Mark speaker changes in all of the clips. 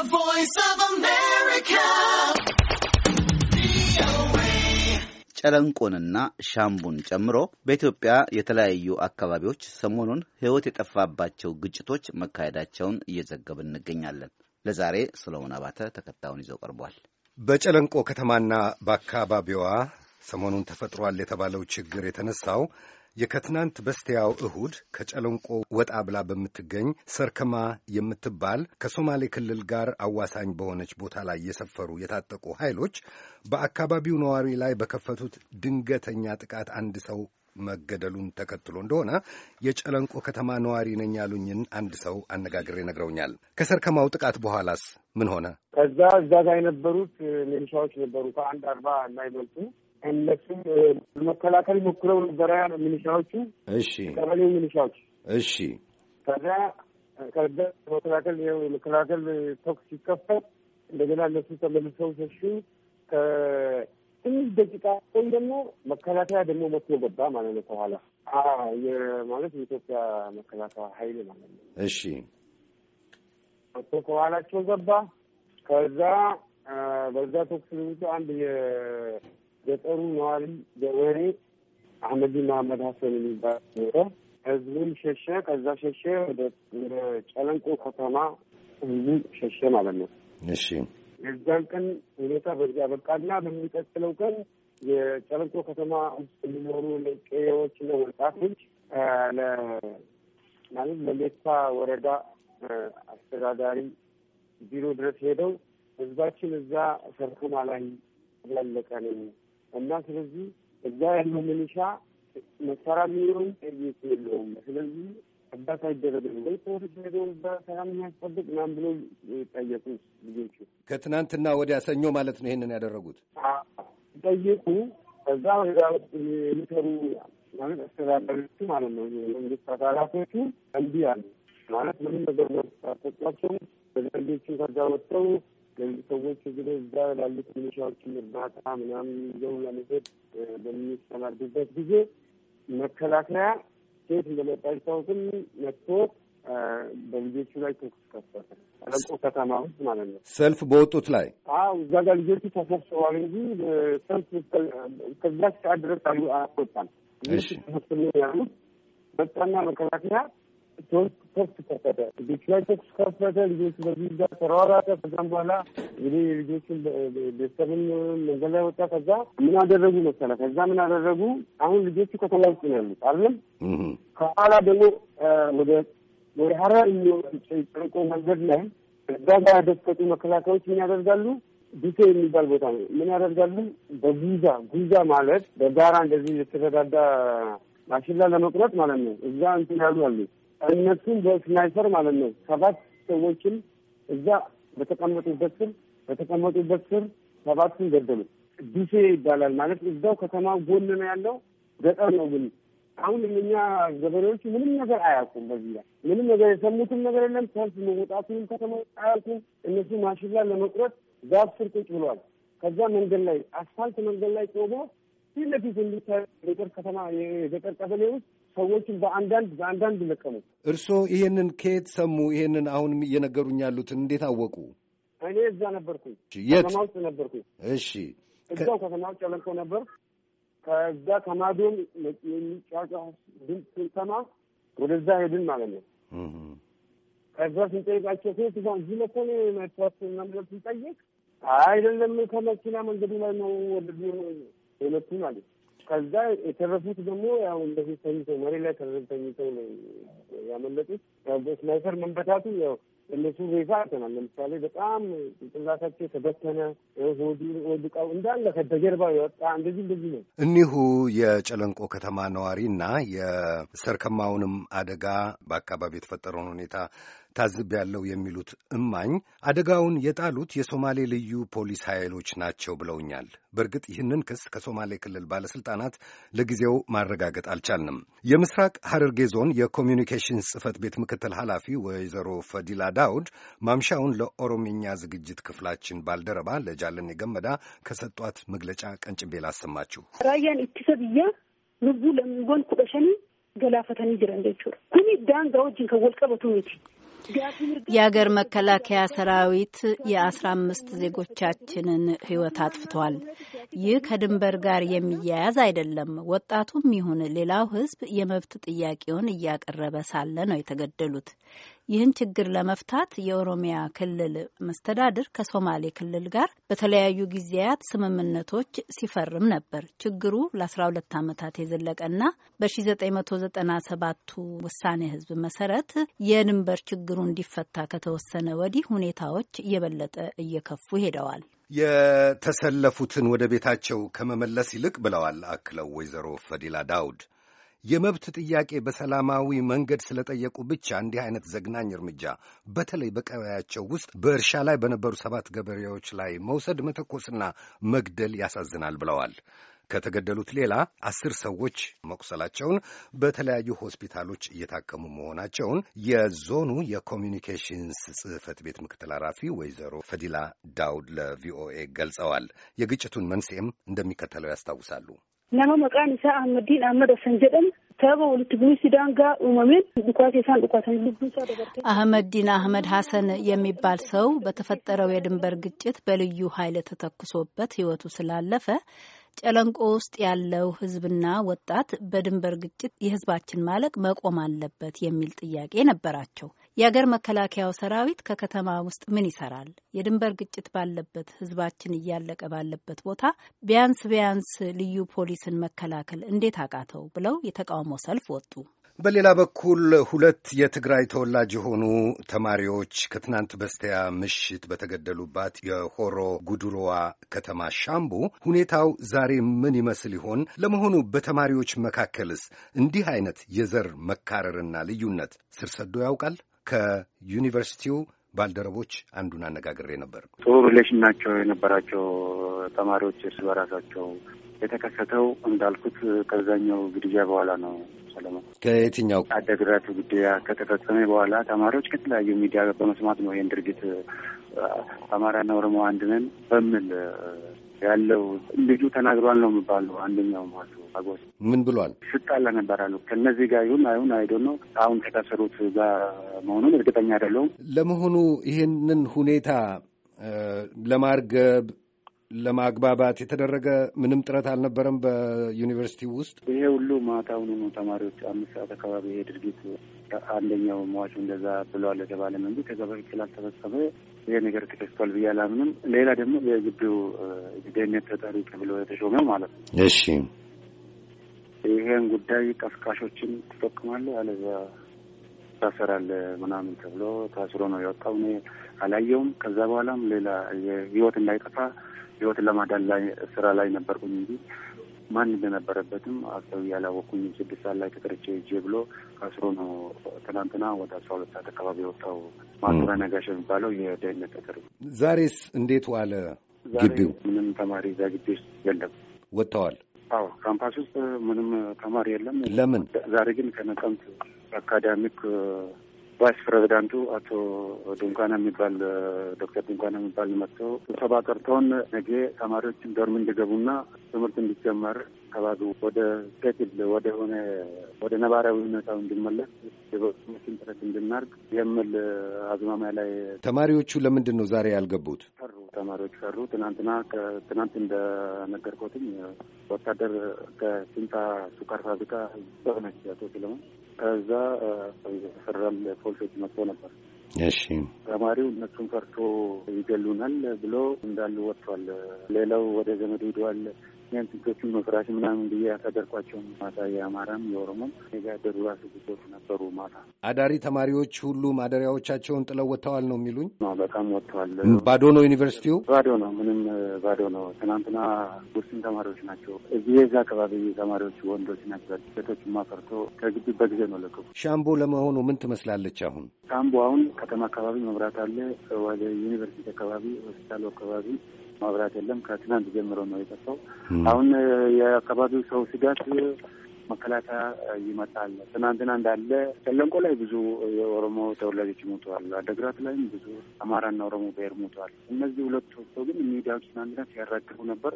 Speaker 1: The Voice of America. ጨለንቆንና ሻምቡን ጨምሮ በኢትዮጵያ የተለያዩ አካባቢዎች ሰሞኑን ሕይወት የጠፋባቸው ግጭቶች መካሄዳቸውን እየዘገብን እንገኛለን። ለዛሬ ሰሎሞን አባተ ተከታዩን ይዘው ቀርቧል።
Speaker 2: በጨለንቆ ከተማና በአካባቢዋ ሰሞኑን ተፈጥሯል የተባለው ችግር የተነሳው የከትናንት በስቲያው እሁድ ከጨለንቆ ወጣ ብላ በምትገኝ ሰርከማ የምትባል ከሶማሌ ክልል ጋር አዋሳኝ በሆነች ቦታ ላይ የሰፈሩ የታጠቁ ኃይሎች በአካባቢው ነዋሪ ላይ በከፈቱት ድንገተኛ ጥቃት አንድ ሰው መገደሉን ተከትሎ እንደሆነ የጨለንቆ ከተማ ነዋሪ ነኝ ያሉኝን አንድ ሰው አነጋግሬ ነግረውኛል። ከሰርከማው ጥቃት በኋላስ ምን ሆነ?
Speaker 3: ከዛ እዛ ጋር የነበሩት ሚሊሻዎች ነበሩ ከአንድ አርባ የማይበልጡ እነሱም መከላከል ሞክረው ነበረ ሚኒሻዎቹ።
Speaker 2: እሺ ቀበሌ ሚኒሻዎች። እሺ
Speaker 3: ከዛ ከበ መከላከል የመከላከል ተኩስ ሲከፈት እንደገና እነሱ ተመልሰው ሸሹ። ከትንሽ ደቂቃ ቆይ ደግሞ መከላከያ ደግሞ መቶ ገባ ማለት ነው ከኋላ ማለት የኢትዮጵያ መከላከያ ኃይል ማለት ነው። እሺ መቶ ከኋላቸው ገባ። ከዛ በዛ ተኩስ አንድ ገጠሩ ነዋሪ ገበሬ አህመድ መሀመድ ሀሰን የሚባል ነበረ። ህዝቡም ሸሸ። ከዛ ሸሸ ወደ ጨለንቆ ከተማ ህዝቡ ሸሸ
Speaker 4: ማለት ነው። እሺ
Speaker 3: የዛን ቀን ሁኔታ በዚያ በቃና በሚቀጥለው ቀን የጨለንቆ ከተማ ውስጥ የሚኖሩ ቀዬዎች እና ወጣቶች ማለት ለሌታ ወረዳ አስተዳዳሪ ቢሮ ድረስ ሄደው ህዝባችን እዛ ሰርኩም ያለቀ ነው እና ስለዚህ እዛ ያለው ሚሊሻ መሰራ የሚሆን ጠይቅ የለውም። ስለዚህ እርዳታ አይደረግም ወይ ተወሰደው በሰላም የሚያስጠብቅ ናም ብሎ ጠየቁ።
Speaker 2: ልጆቹ ከትናንትና ወዲያ ሰኞ ማለት ነው ይሄንን ያደረጉት
Speaker 3: ጠየቁ። እዛ ወደ የሚሰሩ ማለት አስተዳደሮቹ ማለት ነው የመንግስት አካላቶቹ እንዲህ አሉ ማለት ምንም ነገር ሰጧቸው። በደንቦቹ ከዛ ወጥተው ገንዝ ሰዎች እግር እዛ ላሉት ሚሊሻዎችን እርዳታ ምናምን ይዘው ለመሄድ በሚሰማርዱበት ጊዜ መከላከያ ሴት እንደመጣ ይታወቅም መጥቶ በልጆቹ ላይ ተኩስ ከፈተ። ረቆ ከተማ ውስጥ ማለት ነው።
Speaker 2: ሰልፍ በወጡት ላይ
Speaker 3: አዎ፣ እዛ ጋር ልጆቹ ተሰብስበዋል እንጂ ሰልፍ ከዛ ሰዓት ድረስ አልወጣም። ያሉት መጣና መከላከያ ቶክስ ከፈተ። ልጆቹ ላይ ቶክስ ከፈተ። በዚህ ተሯሯጠ። ከዛም በኋላ እንግዲህ ልጆቹን ቤተሰብን መንገድ ላይ ወጣ። ከዛ ምን አደረጉ መሰለ? ከዛ ምን አደረጉ? አሁን ልጆቹ ከተማ ውስጥ ነው ያሉት ከኋላ ደግሞ ወደ ወደ ሀረር የሚጨርቆ መንገድ ላይ እዛ ጋር ያደፈጡ መከላከያዎች ምን ያደርጋሉ? ዱሴ የሚባል ቦታ ነው። ምን ያደርጋሉ? በጉዛ ጉዛ ማለት በጋራ እንደዚህ የተረዳዳ ማሽላ ለመቁረጥ ማለት ነው። እዛ እንትን ያሉ አሉ እነሱም በስናይፐር ማለት ነው ሰባት ሰዎችን እዛ በተቀመጡበት ስር በተቀመጡበት ስር ሰባቱን ገደሉ። ዱሴ ይባላል ማለት እዛው ከተማ ጎን ነው ያለው ገጠር ነው ግን አሁን እኛ ገበሬዎቹ ምንም ነገር አያውቁም። በዚህ ላይ ምንም ነገር የሰሙትም ነገር የለም። ሰልፍ መውጣቱንም ከተማ አያውቁም። እነሱ ማሽላ ለመቁረጥ ዛፍ ስር ቁጭ ብሏል። ከዛ መንገድ ላይ አስፋልት መንገድ ላይ ቆሞ ፊት ለፊት ገጠር ከተማ የገጠር ቀበሌ ውስጥ ሰዎችን በአንዳንድ በአንዳንድ ለቀሙ።
Speaker 2: እርስዎ ይሄንን ከየት ሰሙ? ይሄንን አሁንም እየነገሩኝ ያሉትን እንዴት አወቁ?
Speaker 3: እኔ እዛ ነበርኩኝ፣ ከተማ ውስጥ ነበርኩኝ። እሺ፣ እዛው ከተማ ውስጥ ያለንከው ነበር። ከዛ ከማዶም የሚጫጫ ድምፅ ስንሰማ ወደዛ ሄድን ማለት ነው። ከዛ ስንጠይቃቸው ሴት ዛ እዚህ መኮን መጥፋት ምናምን ስንጠይቅ አይደለም ከመኪና መንገዱ ላይ ነው ወደ ቢሮ ሁለቱ ማለት ከዛ የተረፉት ደግሞ ያው እንደዚህ ተኝተው መሬት ላይ ተኝተው ነው ያመለጡት። ስናይፐር መንበታቱ ያው እነሱ ሬሳ አይተናል። ለምሳሌ በጣም ጭንቅላታቸው ተበተነ፣ ወድቀው እንዳለ ከጀርባው የወጣ እንደዚህ እንደዚህ ነው።
Speaker 2: እኒሁ የጨለንቆ ከተማ ነዋሪ እና የሰርከማውንም አደጋ በአካባቢ የተፈጠረውን ሁኔታ ያለው የሚሉት እማኝ አደጋውን የጣሉት የሶማሌ ልዩ ፖሊስ ኃይሎች ናቸው ብለውኛል። በእርግጥ ይህንን ክስ ከሶማሌ ክልል ባለሥልጣናት ለጊዜው ማረጋገጥ አልቻልንም። የምስራቅ ሐረርጌ ዞን የኮሚኒኬሽንስ ጽህፈት ቤት ምክትል ኃላፊ ወይዘሮ ፈዲላ ዳውድ ማምሻውን ለኦሮምኛ ዝግጅት ክፍላችን ባልደረባ ለጃለን የገመዳ ከሰጧት መግለጫ ቀንጭቤ ላሰማችሁ።
Speaker 3: ራያን ኢትሰ ንቡ ልቡ ለሚንጎን ገላፈተኒ ጅረንደችር ኩኒ ዳንጋ ከወልቀበቱ ሜቲ
Speaker 1: የአገር መከላከያ ሰራዊት የአስራ አምስት ዜጎቻችንን ህይወት አጥፍቷል። ይህ ከድንበር ጋር የሚያያዝ አይደለም። ወጣቱም ይሁን ሌላው ሕዝብ የመብት ጥያቄውን እያቀረበ ሳለ ነው የተገደሉት። ይህን ችግር ለመፍታት የኦሮሚያ ክልል መስተዳድር ከሶማሌ ክልል ጋር በተለያዩ ጊዜያት ስምምነቶች ሲፈርም ነበር። ችግሩ ለ12 ዓመታት የዘለቀና በ1997ቱ ውሳኔ ህዝብ መሰረት የድንበር ችግሩ እንዲፈታ ከተወሰነ ወዲህ ሁኔታዎች እየበለጠ እየከፉ ሄደዋል።
Speaker 2: የተሰለፉትን ወደ ቤታቸው ከመመለስ ይልቅ ብለዋል አክለው ወይዘሮ ፈዲላ ዳውድ የመብት ጥያቄ በሰላማዊ መንገድ ስለጠየቁ ብቻ እንዲህ አይነት ዘግናኝ እርምጃ በተለይ በቀበያቸው ውስጥ በእርሻ ላይ በነበሩ ሰባት ገበሬዎች ላይ መውሰድ መተኮስና መግደል ያሳዝናል ብለዋል። ከተገደሉት ሌላ አስር ሰዎች መቁሰላቸውን በተለያዩ ሆስፒታሎች እየታከሙ መሆናቸውን የዞኑ የኮሚኒኬሽንስ ጽህፈት ቤት ምክትል ኃላፊ ወይዘሮ ፈዲላ ዳውድ ለቪኦኤ ገልጸዋል። የግጭቱን መንስኤም እንደሚከተለው
Speaker 1: ያስታውሳሉ።
Speaker 3: nama maqaan isaa Ahmadiin Ahmad Hassan jedhamu sababa walitti bu'iinsi daangaa uumameen isaan dhukaasanii isaa
Speaker 1: አህመዲን አህመድ ሀሰን የሚባል ሰው በተፈጠረው የድንበር ግጭት በልዩ ኃይል ተተኩሶበት ህይወቱ ስላለፈ ጨለንቆ ውስጥ ያለው ህዝብና ወጣት በድንበር ግጭት የህዝባችን ማለቅ መቆም አለበት የሚል ጥያቄ ነበራቸው። የአገር መከላከያው ሰራዊት ከከተማ ውስጥ ምን ይሰራል? የድንበር ግጭት ባለበት ህዝባችን እያለቀ ባለበት ቦታ ቢያንስ ቢያንስ ልዩ ፖሊስን መከላከል እንዴት አቃተው? ብለው የተቃውሞ ሰልፍ ወጡ።
Speaker 2: በሌላ በኩል ሁለት የትግራይ ተወላጅ የሆኑ ተማሪዎች ከትናንት በስቲያ ምሽት በተገደሉባት የሆሮ ጉድሮዋ ከተማ ሻምቡ ሁኔታው ዛሬ ምን ይመስል ይሆን? ለመሆኑ በተማሪዎች መካከልስ እንዲህ አይነት የዘር መካረርና ልዩነት ስር ሰዶ ያውቃል? ከዩኒቨርሲቲው ባልደረቦች አንዱን አነጋግሬ
Speaker 4: ነበር። ጥሩ ሪሌሽን ናቸው የነበራቸው ተማሪዎች እርስ በራሳቸው የተከሰተው እንዳልኩት ከዛኛው ግድያ በኋላ ነው። ሰለሞን ከየትኛው አደግራቱ ግድያ ከተፈጸመ በኋላ ተማሪዎች ከተለያዩ ሚዲያ በመስማት ነው ይህን ድርጊት አማራና ኦሮሞ አንድ ነን በሚል ያለው ልጁ ተናግሯል ነው የሚባለው። አንደኛው ማቱ አጎስ ምን ብሏል? ስጣላ ነበር አሉ። ከነዚህ ጋር ይሁን አይሁን አይዶ ነው አሁን ከታሰሩት ጋር መሆኑን እርግጠኛ አይደለሁም።
Speaker 2: ለመሆኑ ይህንን ሁኔታ ለማርገብ ለማግባባት የተደረገ ምንም ጥረት አልነበረም። በዩኒቨርሲቲ ውስጥ
Speaker 4: ይሄ ሁሉ ማታውኑ ነው። ተማሪዎች አምስት ሰዓት አካባቢ ይሄ ድርጊት አንደኛው መዋጮ እንደዛ ብለዋል የተባለ መንግ ከዛ በፊት ስላልተፈጸመ ይሄ ነገር ተከስቷል ብዬ አላምንም። ሌላ ደግሞ የግቢው ደህንነት ተጠሪ ተብሎ የተሾመው ማለት ነው። እሺ ይሄን ጉዳይ ቀስቃሾችን ትጠቅማለ አለዛ ታሰራል ምናምን ተብሎ ታስሮ ነው የወጣው። እኔ አላየውም። ከዛ በኋላም ሌላ ህይወት እንዳይጠፋ ህይወትን ለማዳን ላይ ስራ ላይ ነበርኩኝ እንጂ ማን እንደነበረበትም አሰብ ያላወቅኩኝ። ስድስት ሰዓት ላይ ተቀርቼ ሄጄ ብሎ ከስሮ ነው ትናንትና ወደ አስራ ሁለት ሰዓት አካባቢ የወጣው
Speaker 2: ማስራ ነጋሽ
Speaker 4: የሚባለው የደህንነት ተጠሪ።
Speaker 2: ዛሬስ እንዴት ዋለ
Speaker 4: ግቢው? ምንም ተማሪ እዛ ግቢ ውስጥ የለም፣ ወጥተዋል። አዎ ካምፓስ ውስጥ ምንም ተማሪ የለም። ለምን ዛሬ ግን ከነቀምት አካዳሚክ ቫይስ ፕሬዚዳንቱ አቶ ድንኳና የሚባል ዶክተር ድንኳና የሚባል መጥቶ ስብሰባ ጠርተውን ነገ ተማሪዎች ዶርም እንዲገቡና ትምህርት እንዲጀመር ከባቢ ወደ ሴትል ወደ ሆነ ወደ ነባራዊ ሁኔታው እንዲመለስ የበትምህርትን ጥረት እንድናርግ የሚል አዝማሚያ ላይ
Speaker 2: ተማሪዎቹ ለምንድን ነው ዛሬ ያልገቡት?
Speaker 4: ፈሩ። ተማሪዎች ፈሩ። ትናንትና ትናንት እንደነገርኩትም ወታደር ከሲንታ ሱካር ፋብሪካ በሆነች አቶ ስለሆን ከዛ ፈረም ፖሊሶች መጥቶ ነበር። እሺ ተማሪው እነሱን ፈርቶ ይገሉናል ብሎ እንዳሉ ወጥቷል። ሌላው ወደ ዘመድ ሂደዋል። ያን ስልቶቹን መፍራት ምናምን ብዬ ያሳደርኳቸው ማታ የአማራም የኦሮሞም የጋደሩ ራስ ግቶች ነበሩ። ማታ
Speaker 2: አዳሪ ተማሪዎች ሁሉ ማደሪያዎቻቸውን ጥለው ወጥተዋል ነው የሚሉኝ። በጣም
Speaker 4: ወጥተዋል። ባዶ ነው ዩኒቨርሲቲው፣ ባዶ ነው፣ ምንም ባዶ ነው። ትናንትና ውስን ተማሪዎች ናቸው እዚህ የዛ አካባቢ ተማሪዎች ወንዶች ናቸው። ሴቶች ማፈርቶ ከግቢ በጊዜ ነው ለቀቁ። ሻምቦ
Speaker 2: ለመሆኑ ምን ትመስላለች አሁን?
Speaker 4: ሻምቦ አሁን ከተማ አካባቢ መብራት አለ። ወደ ዩኒቨርሲቲ አካባቢ ሆስፒታሉ አካባቢ መብራት የለም። ከትናንት ጀምሮ ነው የጠፋው። አሁን የአካባቢው ሰው ስጋት መከላከያ ይመጣል። ትናንትና እንዳለ ጨለንቆ ላይ ብዙ የኦሮሞ ተወላጆች ሞተዋል። አደግራት ላይም ብዙ አማራና ኦሮሞ ብሔር ሞተዋል። እነዚህ ሁለቱ ሰው ግን ሚዲያዎች ትናንትና ሲያራግቡ ነበር።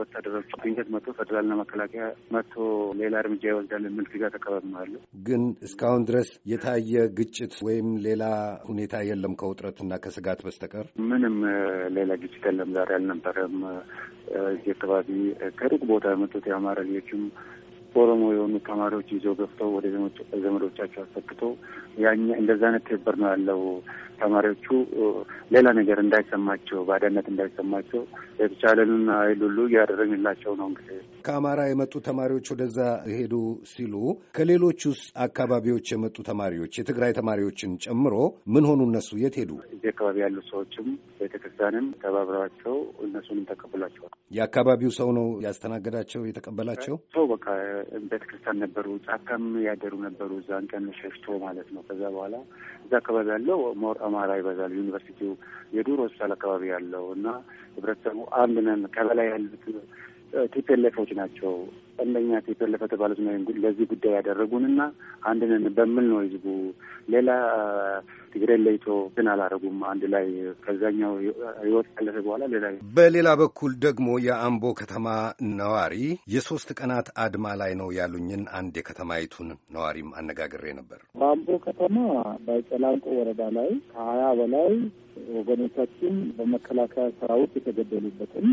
Speaker 4: ወታደሮች ድንገት መጥቶ ፌደራልና መከላከያ መጥቶ ሌላ እርምጃ ይወስዳል የሚል ስጋት ተቀበማለ።
Speaker 2: ግን እስካሁን ድረስ የታየ ግጭት ወይም ሌላ ሁኔታ የለም ከውጥረትና ከስጋት በስተቀር ምንም
Speaker 4: ሌላ ግጭት የለም። ዛሬ አልነበረም። እዚህ አካባቢ ከሩቅ ቦታ የመጡት የአማራ ልጆችም ኦሮሞ የሆኑ ተማሪዎች ይዘው ገብተው ወደ ዘመዶቻቸው አሰክተው ያኛ እንደዛ አይነት ትብብር ነው ያለው። ተማሪዎቹ ሌላ ነገር እንዳይሰማቸው፣ ባዳነት እንዳይሰማቸው የተቻለንን አይሉሉ እያደረግንላቸው ነው እንግዲህ
Speaker 2: ከአማራ የመጡ ተማሪዎች ወደዛ ሄዱ ሲሉ ከሌሎች ውስጥ አካባቢዎች የመጡ ተማሪዎች የትግራይ ተማሪዎችን ጨምሮ ምን ሆኑ? እነሱ የት ሄዱ?
Speaker 4: እዚህ አካባቢ ያሉ ሰዎችም ቤተክርስቲያንም ተባብረዋቸው እነሱንም ተቀብሏቸዋል።
Speaker 2: የአካባቢው ሰው ነው ያስተናገዳቸው የተቀበላቸው
Speaker 4: ሰው በቃ ቤተክርስቲያን ነበሩ፣ ጫካም ያደሩ ነበሩ። እዛን ቀን ሸሽቶ ማለት ነው። ከዛ በኋላ እዛ አካባቢ ያለው ሞር አማራ ይበዛል። ዩኒቨርሲቲው የዱር ሆስፒታል አካባቢ ያለው እና ህብረተሰቡ አንድ ነን ከበላይ ያሉት ቲፒኤልኤፎች ናቸው እነኛ ቲፒኤልኤፍ የተባሉት ነው ለዚህ ጉዳይ ያደረጉንና አንድንን በምል ነው ህዝቡ ሌላ ትግሬ ለይቶ ግን አላደረጉም። አንድ ላይ ከዛኛው ህይወት ካለፈ በኋላ ሌላ።
Speaker 2: በሌላ በኩል ደግሞ የአምቦ ከተማ ነዋሪ የሶስት ቀናት አድማ ላይ ነው ያሉኝን አንድ የከተማይቱን ነዋሪም አነጋግሬ ነበር።
Speaker 3: በአምቦ ከተማ በጨላንቆ ወረዳ ላይ ከሀያ በላይ ወገኖቻችን በመከላከያ ሰራዊት የተገደሉበትን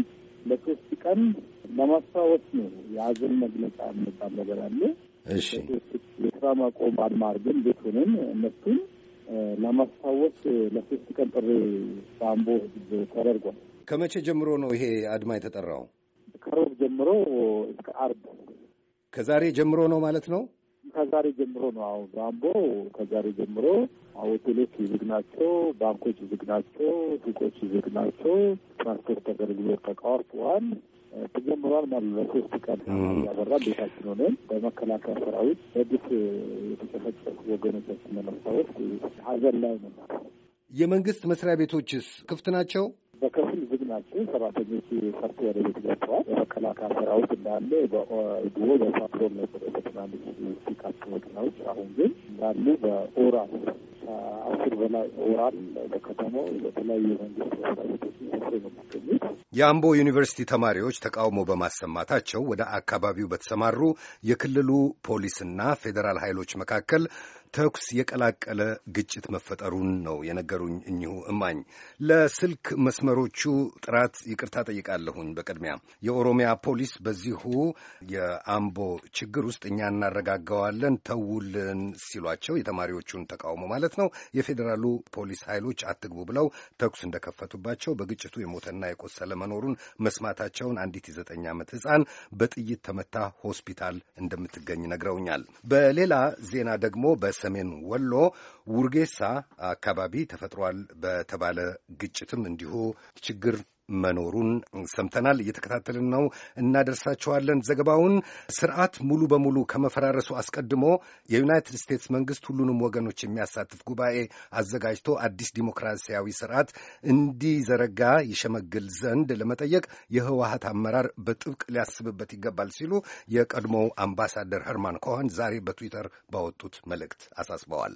Speaker 3: ለሶስት ቀን ለማስታወስ ነው። የሀዘን መግለጫ የሚባል ነገር አለ። እሺ የስራ ማቆም አድማ አድርገን ቤት
Speaker 4: ሆነን እነሱን ለማስታወስ ለሶስት ቀን ጥሪ በአምቦ ህዝብ ተደርጓል።
Speaker 2: ከመቼ ጀምሮ ነው ይሄ አድማ የተጠራው?
Speaker 4: ከሮብ ጀምሮ
Speaker 2: እስከ አርብ ከዛሬ ጀምሮ ነው ማለት ነው። ከዛሬ ጀምሮ ነው። አሁን ራምቦ ከዛሬ ጀምሮ ሆቴሎች ዝግ ናቸው፣ ባንኮች ዝግ ናቸው፣ ሱቆች
Speaker 3: ዝግ ናቸው። ትራንስፖርት አገልግሎት ተቋርጧል። ተጀምሯል ማለት ለሶስት ቀን ያበራ ቤታችን ሆነን በመከላከያ ሰራዊት በግፍ የተጨፈጨፉ
Speaker 2: ወገኖቻችን ለማስታወስ ሀዘን ላይ ነው። የመንግስት መስሪያ ቤቶችስ ክፍት ናቸው? በከፊል ዝግ ናቸው። ሰራተኞች ሰርቶ ወደ ቤት ገብተዋል። የመከላከያ ሰራዊት እንዳለ
Speaker 3: ድሮ በፓትሮል ነበር በትናንሽ ፒክአፕ መኪናዎች፣ አሁን ግን እንዳሉ በኦራል አስር በላይ ወራል በከተማው በተለያዩ የመንግስት መስሪያ ቤቶች ነው የሚገኙት።
Speaker 2: የአምቦ ዩኒቨርሲቲ ተማሪዎች ተቃውሞ በማሰማታቸው ወደ አካባቢው በተሰማሩ የክልሉ ፖሊስና ፌዴራል ኃይሎች መካከል ተኩስ የቀላቀለ ግጭት መፈጠሩን ነው የነገሩኝ እኚሁ እማኝ። ለስልክ መስመሮቹ ጥራት ይቅርታ ጠይቃለሁኝ። በቅድሚያ የኦሮሚያ ፖሊስ በዚሁ የአምቦ ችግር ውስጥ እኛ እናረጋገዋለን ተውልን ሲሏቸው የተማሪዎቹን ተቃውሞ ማለት ነው የፌዴራሉ ፖሊስ ኃይሎች አትግቡ ብለው ተኩስ እንደከፈቱባቸው በግጭቱ የሞተና የቆሰለ መኖሩን መስማታቸውን አንዲት የዘጠኝ ዓመት ሕፃን በጥይት ተመታ ሆስፒታል እንደምትገኝ ነግረውኛል። በሌላ ዜና ደግሞ በሰሜን ወሎ ውርጌሳ አካባቢ ተፈጥሯል በተባለ ግጭትም እንዲሁ ችግር መኖሩን ሰምተናል። እየተከታተልን ነው፣ እናደርሳችኋለን ዘገባውን። ስርዓት ሙሉ በሙሉ ከመፈራረሱ አስቀድሞ የዩናይትድ ስቴትስ መንግስት ሁሉንም ወገኖች የሚያሳትፍ ጉባኤ አዘጋጅቶ አዲስ ዲሞክራሲያዊ ስርዓት እንዲዘረጋ ይሸመግል ዘንድ ለመጠየቅ የህወሀት አመራር በጥብቅ ሊያስብበት ይገባል ሲሉ የቀድሞው አምባሳደር ሄርማን ኮኸን ዛሬ በትዊተር ባወጡት መልእክት አሳስበዋል።